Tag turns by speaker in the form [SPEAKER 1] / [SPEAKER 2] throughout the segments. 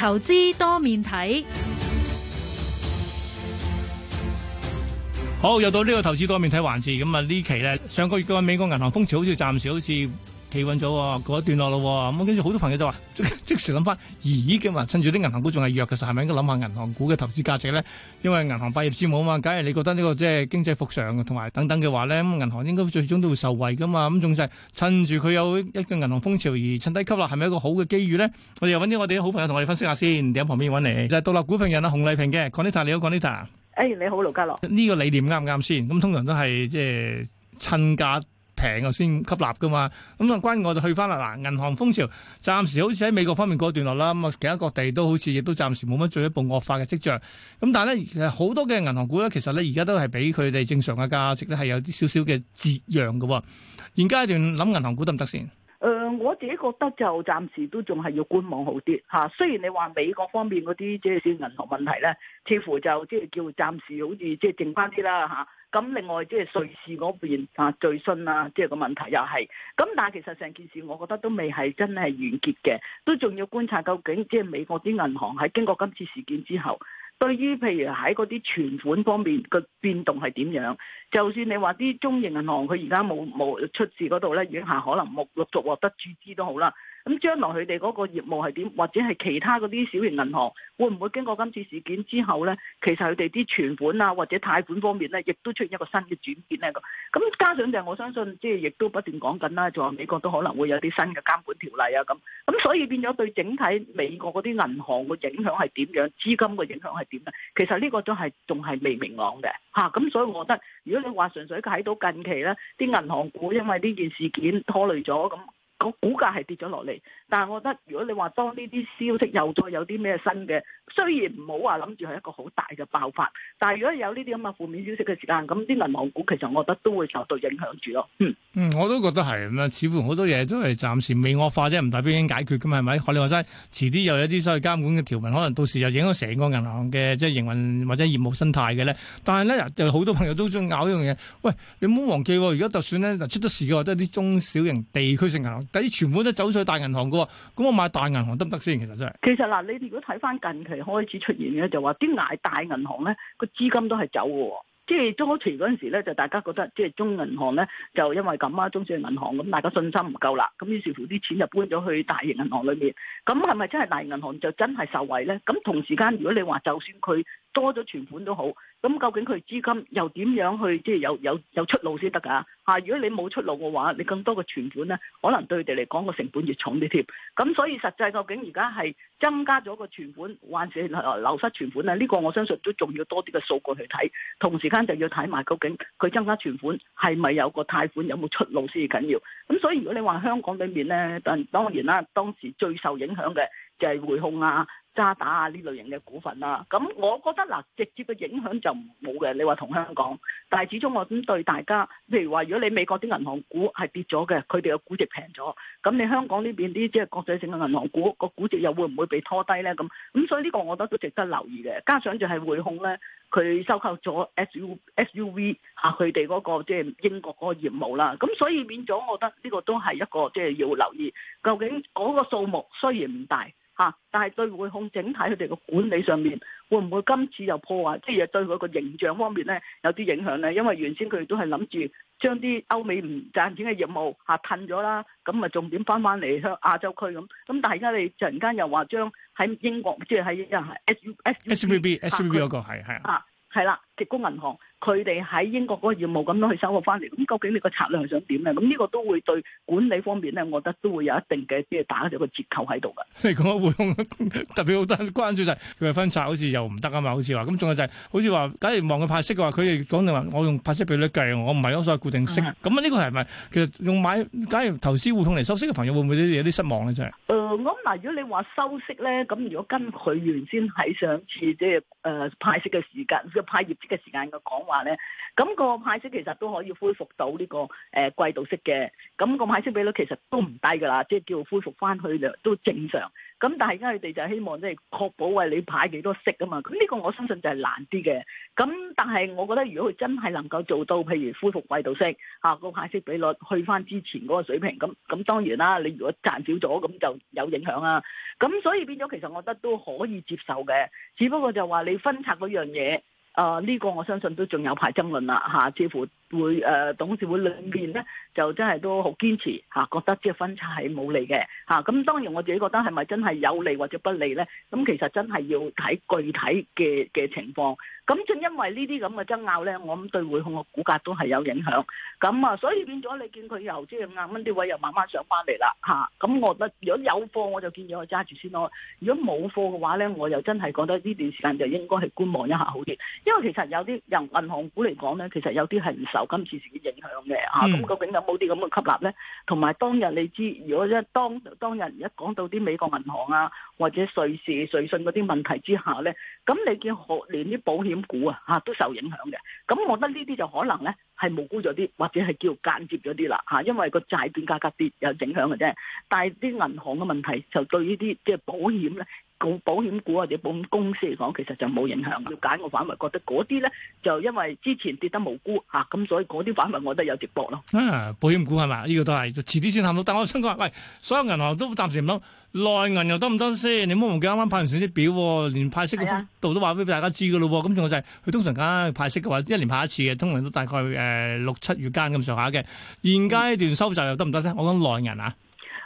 [SPEAKER 1] 投資多面睇，
[SPEAKER 2] 好又到呢個投資多面睇環節。咁啊，呢期咧，上個月嘅話，美國銀行風潮好似暫時好似。企穩咗嗰段落咯，咁跟住好多朋友就話即時諗翻，咦咁話趁住啲銀行股仲係弱其實，係咪應該諗下銀行股嘅投資價值咧？因為銀行百業之母啊嘛，假如你覺得呢個即係經濟復常同埋等等嘅話咧，咁銀行應該最終都會受惠噶嘛，咁仲就係趁住佢有一個銀行風潮而趁低吸落，係咪一個好嘅機遇咧？我哋又揾啲我哋啲好朋友同我哋分析一下先，喺旁邊揾你，就係、是、獨立股評人啊洪麗萍嘅 Gonita 你好，Gonita，哎你
[SPEAKER 1] 好，盧
[SPEAKER 2] 家樂。呢、哎這個理念啱唔啱先？咁通常都係即係趁價。平啊先吸納噶嘛，咁啊關我哋去翻啦嗱，銀行風潮暫時好似喺美國方面過一段落啦，咁啊其他各地都好似亦都暫時冇乜進一步惡化嘅跡象，咁但係咧好多嘅銀行股咧，其實咧而家都係比佢哋正常嘅價值咧係有啲少少嘅折讓㗎喎，現階段諗銀行股得唔得先？
[SPEAKER 1] 我自己覺得就暫時都仲係要觀望好啲嚇、啊，雖然你話美國方面嗰啲即係細銀行問題咧，似乎就即係叫暫時好似即係靜返啲啦。咁另外即係瑞士嗰邊啊，最新啊即係、就是、個問題又係咁，但係其實成件事我覺得都未係真係完結嘅，都仲要觀察究竟即係、就是、美國啲銀行喺經過今次事件之後。對於譬如喺嗰啲存款方面嘅變動係點樣？就算你話啲中型銀行佢而家冇冇出事嗰度咧，影下可能冇陸續獲得注資都好啦。咁將來佢哋嗰個業務係點，或者係其他嗰啲小型銀行會唔會經過今次事件之後呢？其實佢哋啲存款啊，或者貸款方面呢，亦都出現一個新嘅轉變呢？咁咁加上就我相信，即係亦都不斷講緊啦，就話美國都可能會有啲新嘅監管條例啊咁。咁所以變咗對整體美國嗰啲銀行嘅影響係點樣，資金嘅影響係點咧？其實呢個都係仲係未明朗嘅吓。咁所以我覺得，如果你話純粹睇到近期呢啲銀行股因為呢件事件拖累咗咁。個股價係跌咗落嚟，但係我覺得如果你話當呢啲消息又再有啲咩新嘅，雖然唔好話諗住係一個好大嘅爆發，但係如果有呢啲咁嘅負面消息嘅時間，咁啲銀行股其實我覺得都會受到影響住咯。嗯，嗯，
[SPEAKER 2] 我都覺得係咁啊，似乎好多嘢都係暫時未惡化啫，唔代表已經解決噶嘛，係咪？學你話齋，遲啲又有一啲所謂監管嘅條文，可能到時又影響成個銀行嘅即係營運或者業務生態嘅咧。但係咧，有好多朋友都中意拗呢樣嘢，喂，你唔好忘記，如果就算咧出咗事嘅話，嘅都係啲中小型地區性銀行。啲全部都走去大銀行嘅喎，咁我買大銀行得唔得先？其實真係，
[SPEAKER 1] 其實嗱，你如果睇翻近期開始出現嘅，就話啲捱大銀行咧個資金都係走嘅，即係中海期嗰陣時咧，就大家覺得即係中銀行咧就因為咁啊，中小銀行咁，大家信心唔夠啦，咁於是乎啲錢就搬咗去大型銀行裏面，咁係咪真係大型銀行就真係受惠咧？咁同時間如果你話就算佢多咗存款都好，咁究竟佢資金又點樣去即係有有有出路先得噶吓？如果你冇出路嘅話，你更多嘅存款咧，可能對佢哋嚟講個成本越重啲添。咁所以實際究竟而家係增加咗個存款，還是流失存款咧？呢個我相信都仲要多啲嘅數據去睇，同時間就要睇埋究竟佢增加存款係咪有個貸款有冇出路先至緊要。咁所以如果你話香港裏面咧，但當然啦，當時最受影響嘅就係匯控啊。渣打啊，呢類型嘅股份啦，啊，咁我覺得嗱，直接嘅影響就冇嘅。你話同香港，但係始終我諗對大家，譬如話如果你美國啲銀行股係跌咗嘅，佢哋嘅估值平咗，咁你香港呢邊啲即係國際性嘅銀行股個估值又會唔會被拖低咧？咁，咁所以呢個我覺得都值得留意嘅。加上就係匯控咧，佢收購咗 S U S U V 吓，啊，佢哋嗰個即係英國嗰個業務啦。咁所以變咗，我覺得呢個都係一個即係要留意，究竟嗰個數目雖然唔大。啊！但係對匯控整體佢哋嘅管理上面，會唔會今次又破壞，即係對佢個形象方面咧有啲影響咧？因為原先佢哋都係諗住將啲歐美唔賺錢嘅業務嚇褪咗啦，咁啊重點返返嚟向亞洲區咁。咁但係而家你突然間又話將喺英國，即係喺又係
[SPEAKER 2] S S V B S V B 嗰個係係
[SPEAKER 1] 啊，係啦。列攻銀行，佢哋喺英國嗰個業務咁樣去收穫翻嚟，咁究竟你個策略係想點咧？咁呢個都會對管理方面咧，我覺得都會有一定嘅即係打咗個折扣喺度噶。
[SPEAKER 2] 你講嘅互通特別好多關注就係佢嘅分拆，好似又唔得啊嘛，好似話咁仲有就係、是、好似話，假如望佢派息嘅話，佢哋講你話我用派息比率計，我唔係所謂固定息。咁啊呢個係咪其實用買假如投資互通嚟收息嘅朋友會唔會有啲失望咧？就係、
[SPEAKER 1] 是？誒、呃，咁嗱，如果你話收息咧，咁如果跟佢原先喺上次即係誒派息嘅時間嘅派業嘅時間嘅講話咧，咁個派息其實都可以恢復到呢個誒季度息嘅，咁個派息比率其實都唔低噶啦，即係叫恢復翻去都正常。咁但係而家佢哋就希望即係確保為你派幾多息啊嘛，咁呢個我相信就係難啲嘅。咁但係我覺得如果佢真係能夠做到，譬如恢復季度息啊，個派息比率去翻之前嗰個水平，咁咁當然啦，你如果賺少咗咁就有影響啦。咁所以變咗其實我覺得都可以接受嘅，只不過就話你分拆嗰樣嘢。啊、呃！呢個我相信都仲有排爭論啦吓，似乎。會誒、呃、董事會裏面咧，就真係都好堅持嚇、啊，覺得即係分拆係冇利嘅嚇。咁、啊、當然我自己覺得係咪真係有利或者不利咧？咁其實真係要睇具體嘅嘅情況。咁正因為呢啲咁嘅爭拗咧，我諗對匯控嘅股價都係有影響。咁啊，所以變咗你見佢又即係五萬蚊啲位又慢慢上翻嚟啦嚇。咁、啊、我覺得如果有貨我就建議我揸住先咯。如果冇貨嘅話咧，我又真係覺得呢段時間就應該係觀望一下好啲。因為其實有啲由銀行股嚟講咧，其實有啲係唔使。流、嗯、今次事嘅影響嘅啊，咁究竟有冇啲咁嘅吸納咧？同埋當日你知，如果一當當日一講到啲美國銀行啊，或者瑞士瑞信嗰啲問題之下咧，咁你見連啲保險股啊嚇、啊、都受影響嘅，咁我覺得呢啲就可能咧係無辜咗啲，或者係叫間接咗啲啦嚇，因為個債券價格跌有影響嘅啫，但係啲銀行嘅問題就對於呢啲即係保險咧。保保險股或者保險公司嚟講，其實就冇影響。了解我反為，覺得嗰啲咧就因為之前跌得無辜，吓咁，所以嗰啲反為我都有直播咯。
[SPEAKER 2] 啊、保險股係嘛，呢、這個都係遲啲先探討。但我想講喂，所有銀行都暫時唔諗內銀又得唔得先？你唔好忘記啱啱派完成績表，連派息嘅幅度都話俾大家知噶咯。咁仲、啊、有就係、是、佢通常間派息嘅話，一年派一次嘅，通常都大概誒六七月間咁上下嘅。現階段收集又得唔得咧？我諗內銀啊。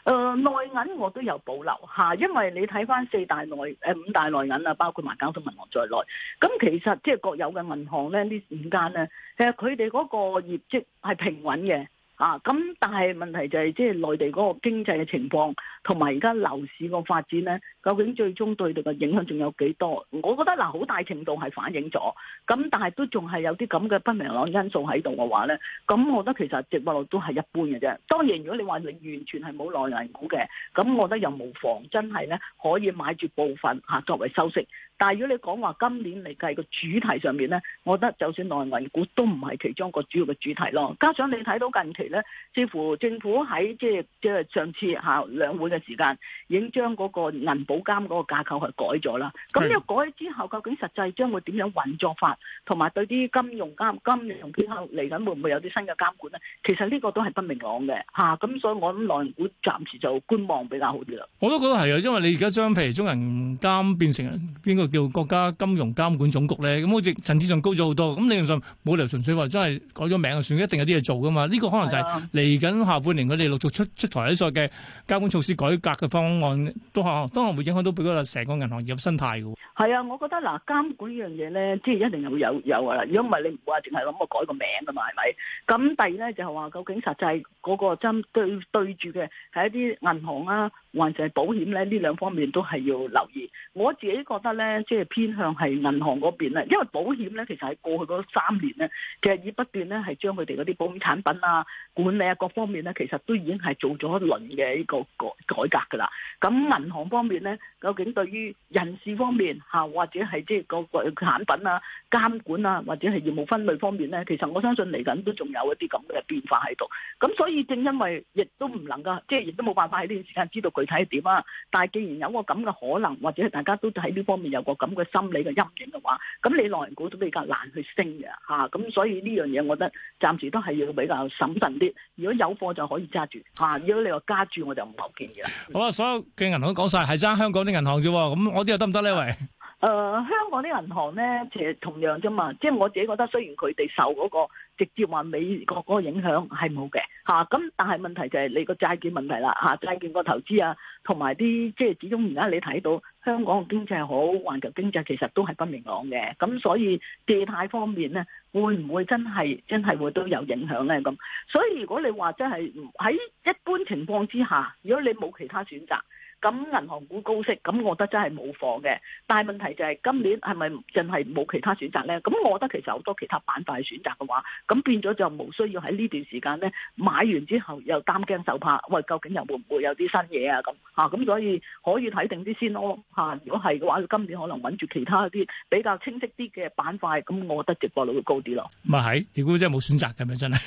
[SPEAKER 1] 誒、呃、內銀我都有保留下，因為你睇翻四大內誒五大內銀啊，包括埋交通銀行在內，咁其實即係國有嘅銀行咧，時呢五間咧，其實佢哋嗰個業績係平穩嘅。啊，咁但係問題就係、是，即係內地嗰個經濟嘅情況，同埋而家樓市個發展咧，究竟最終對佢嘅影響仲有幾多？我覺得嗱，好、啊、大程度係反映咗。咁但係都仲係有啲咁嘅不明朗因素喺度嘅話咧，咁我覺得其實值博率都係一般嘅啫。當然，如果你話你完全係冇內地股嘅，咁我覺得又無妨，真係咧可以買住部分吓作為收息。但係如果你講話今年嚟計個主題上面咧，我覺得就算內銀股都唔係其中一個主要嘅主題咯。加上你睇到近期咧，似乎政府喺即係即係上次嚇兩會嘅時間，已經將嗰個銀保監嗰個架構係改咗啦。咁呢個改咗之後，究竟實際將會點樣運作法，同埋對啲金融監金融機構嚟緊，會唔會有啲新嘅監管咧？其實呢個都係不明朗嘅嚇。咁所以我諗內銀股暫時就觀望比較好啲啦。
[SPEAKER 2] 我都覺得係啊，因為你而家將譬如中銀監變成邊個？叫國家金融監管總局咧，咁好似層次上高咗好多。咁理論上，冇理由純粹話真係改咗名就算，一定有啲嘢做噶嘛。呢個可能就係嚟緊下半年，佢哋陸續出出台一索嘅監管措施改革嘅方案，都吓都係會影響到佢嗰度成個銀行業生態噶。
[SPEAKER 1] 係啊，我覺得嗱，監管呢樣嘢咧，即係一定會有有噶啦。如果唔係，你唔話淨係諗我改個名噶嘛，係咪？咁第二咧就係話，究竟實際。嗰個針對對住嘅係一啲銀行啊，或者係保險咧，呢兩方面都係要留意。我自己覺得咧，即係偏向係銀行嗰邊啦，因為保險咧，其實喺過去嗰三年咧，其實已不斷咧係將佢哋嗰啲保險產品啊、管理啊各方面咧，其實都已經係做咗一輪嘅呢個改改革㗎啦。咁銀行方面咧，究竟對於人事方面嚇，或者係即係個個產品啊、監管啊，或者係業務分類方面咧，其實我相信嚟緊都仲有一啲咁嘅變化喺度。咁所以正因為亦都唔能夠，即係亦都冇辦法喺呢段時間知道具體係點啊！但係既然有個咁嘅可能，或者大家都喺呢方面有個咁嘅心理嘅陰影嘅話，咁你內銀股都比較難去升嘅吓。咁、啊、所以呢樣嘢，我覺得暫時都係要比較審慎啲。如果有貨就可以揸住，吓、啊！如果你話加住，我就唔好建議啦、嗯。
[SPEAKER 2] 好啊，所有嘅銀行都講晒，係爭香港啲銀行啫。咁我啲又得唔得呢？喂、啊。
[SPEAKER 1] 誒、呃、香港啲銀行咧，其實同樣啫嘛。即係我自己覺得，雖然佢哋受嗰、那個直接話美國嗰個影響係冇嘅嚇，咁、啊、但係問題就係你個債券問題啦嚇、啊，債券個投資啊，同埋啲即係始終而家你睇到香港嘅經濟好，環球經濟其實都係不明朗嘅。咁所以借貸方面咧，會唔會真係真係會都有影響咧？咁所以如果你話真係喺一般情況之下，如果你冇其他選擇。咁銀行股高息，咁我覺得真係冇貨嘅。但係問題就係今年係咪淨係冇其他選擇咧？咁我覺得其實好多其他板塊選擇嘅話，咁變咗就冇需要喺呢段時間咧買完之後又擔驚受怕。喂，究竟又會唔會有啲新嘢啊？咁嚇咁所以可以睇定啲先咯嚇。如果係嘅話，今年可能揾住其他一啲比較清晰啲嘅板塊，咁我覺得值博率會高啲咯。
[SPEAKER 2] 咪係，你估真係冇選擇嘅咪真係。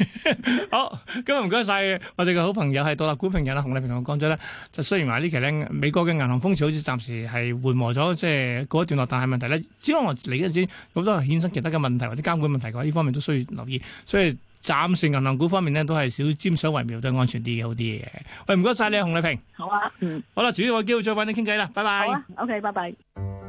[SPEAKER 2] 好，今日唔該晒我哋嘅好朋友係獨立股評人啊，洪立平同我講咗咧，就雖然話呢期咧。美國嘅銀行風潮好似暫時係緩和咗，即係一段落，但係問題咧，只不過嚟緊時好多衍生其他嘅問題或者監管問題嘅話，呢方面都需要留意，所以暫時銀行股方面咧都係少沾手為妙，都係安全啲嘅好啲嘅。喂，唔該晒你，洪麗萍。
[SPEAKER 1] 好啊，
[SPEAKER 2] 嗯，好啦，遲啲我哋有機會再揾你傾偈啦，拜拜。o k 拜拜。
[SPEAKER 1] Okay, bye bye